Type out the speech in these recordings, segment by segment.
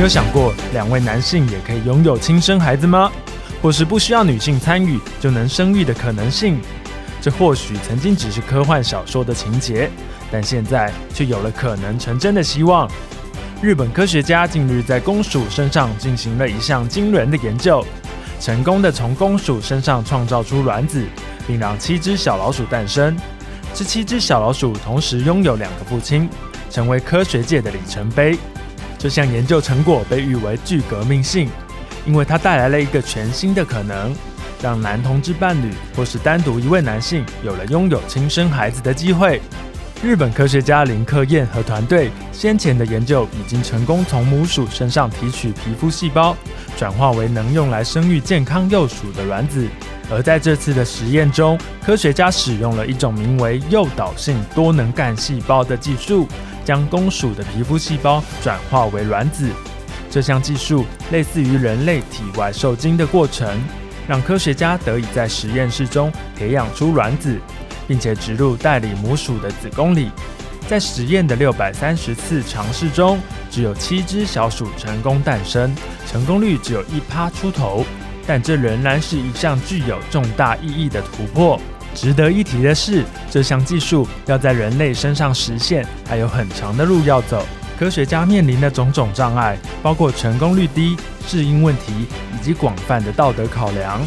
你有想過，兩位男性也可以擁有親生孩子嗎？或是不需要女性參與就能生育的可能性？這或許曾經只是科幻小說的情節，但現在卻有了可能成真的希望。日本科學家近日在公鼠身上進行了一項驚人的研究，成功的從公鼠身上創造出卵子，並讓七只小老鼠誕生。這七只小老鼠同時擁有兩個父親，成為科學界的里程碑。這項研究成果被譽為具革命性，因為它帶來了一個全新的可能，讓男同志伴侶或是單獨一位男性有了擁有親生孩子的機會。日本科學家林克彥和團隊先前的研究已經成功從母鼠身上提取皮膚細胞，轉化為能用來生育健康幼鼠的卵子。而在這次的實驗中，科學家使用了一種名為誘導性多能幹細胞的技術。將公鼠的皮膚細胞轉化為卵子，這項技術類似於人類體外受精的過程，讓科學家得以在實驗室中培養出卵子，並且植入代理母鼠的子宮裡。在實驗的六百三十次嘗試中，只有七隻小鼠成功誕生，成功率只有一趴出頭。但這仍然是一項具有重大意義的突破。值得一提的是，這項技術要在人類身上實現，還有很長的路要走。科學家面臨的種種障礙，包括成功率低、適應問題以及廣泛的道德考量。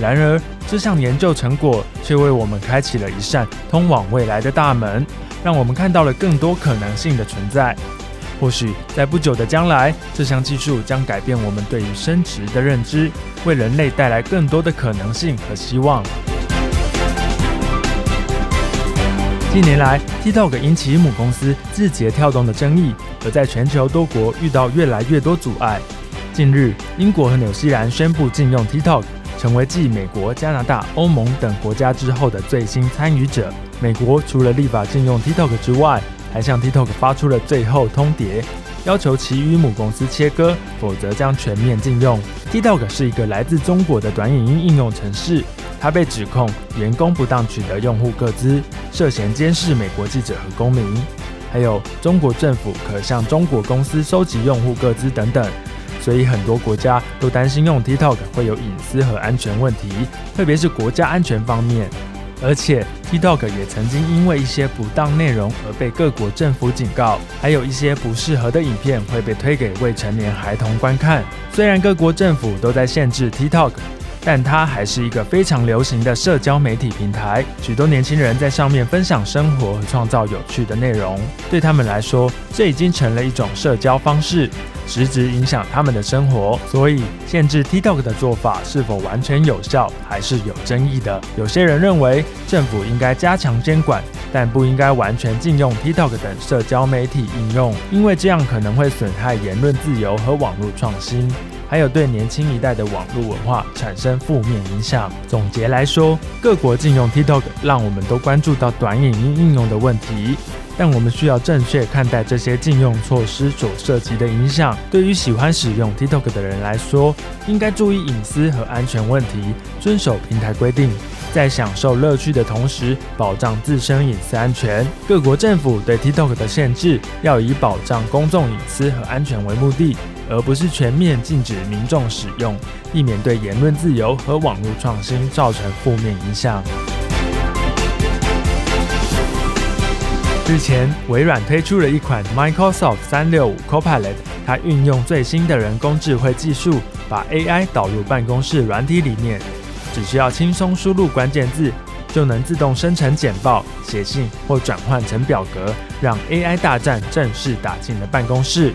然而，這項研究成果卻為我們開啟了一扇通往未來的大門，讓我們看到了更多可能性的存在。或許在不久的將來，這項技術將改變我們對於生殖的認知，為人類帶來更多的可能性和希望。近年來，TikTok 因其母公司字節跳動的爭議，而在全球多國遇到越來越多阻礙。近日，英國和紐西蘭宣布禁用 TikTok，成為繼美國、加拿大、歐盟等國家之後的最新參與者。美國除了立法禁用 TikTok 之外，還向 TikTok 發出了最後通牒，要求其與母公司切割，否則將全面禁用。TikTok 是一個來自中國的短影音應用程式。他被指控員工不當取得用戶個資，涉嫌監視美國記者和公民，還有中國政府可向中國公司收集用戶個資等等。所以很多國家都擔心用 TikTok 會有隱私和安全問題，特別是國家安全方面。而且 TikTok 也曾經因為一些不當內容而被各國政府警告，還有一些不適合的影片會被推給未成年孩童觀看。雖然各國政府都在限制 TikTok。Talk, 但它還是一個非常流行的社交媒體平台，許多年輕人在上面分享生活和創造有趣的內容。對他們來說，這已經成了一種社交方式，實質影響他們的生活。所以，限制 TikTok 的做法是否完全有效，還是有爭議的。有些人認為，政府應該加強監管，但不應該完全禁用 TikTok 等社交媒體應用，因為這樣可能會損害言論自由和網絡創新。還有對年輕一代的網絡文化產生負面影響。總結來說，各國禁用 TikTok 讓我們都關注到短影音應用的問題，但我們需要正確看待這些禁用措施所涉及的影響。對於喜歡使用 TikTok 的人來說，應該注意隱私和安全問題，遵守平台規定，在享受樂趣的同時保障自身隱私安全。各國政府對 TikTok 的限制要以保障公眾隱私和安全為目的。而不是全面禁止民眾使用，避免對言論自由和網絡創新造成負面影響。日前，微軟推出了一款 Microsoft 365 Copilot，它運用最新的人工智慧技術，把 AI 導入辦公室軟體裡面，只需要輕鬆輸入關鍵字，就能自動生成簡報、寫信或轉換成表格，讓 AI 大戰正式打進了辦公室。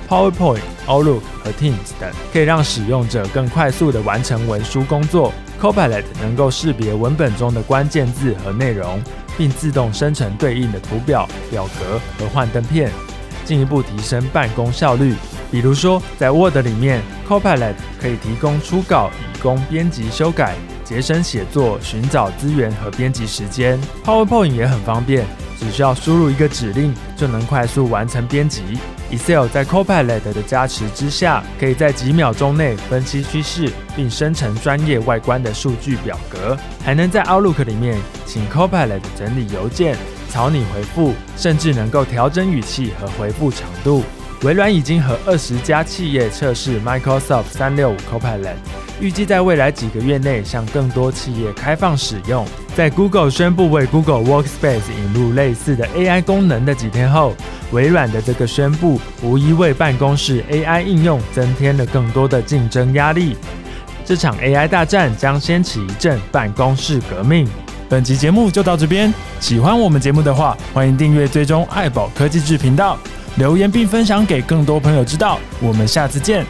PowerPoint、Outlook 和 Teams 等，可以讓使用者更快速地完成文書工作。Copilot 能夠識別文本中的關鍵字和內容，並自動生成對應的圖表、表格和幻燈片，進一步提升辦公效率。比如說，在 Word 裡面，Copilot 可以提供初稿，以供編輯修改，節省寫作、尋找資源和編輯時間。PowerPoint 也很方便。只需要輸入一個指令，就能快速完成編輯。Excel 在 Copilot 的加持之下，可以在幾秒鐘內分析趨勢，並生成專業外觀的數據表格。還能在 Outlook 裡面，請 Copilot 整理郵件、草擬回復，甚至能夠調整語氣和回復長度。微軟已經和二十家企業測試 Microsoft 三六五 Copilot。預計在未來幾個月內向更多企業開放使用。在 Google 宣布為 Google Workspace 引入類似的 AI 功能的幾天後，微軟的這個宣布無疑為辦公室 AI 應用增添了更多的競爭壓力。這場 AI 大戰將掀起一陣辦公室革命。本期節目就到這邊，喜歡我們節目的話，歡迎訂閱追蹤艾葆科技誌頻道，留言並分享給更多朋友知道。我們下次見。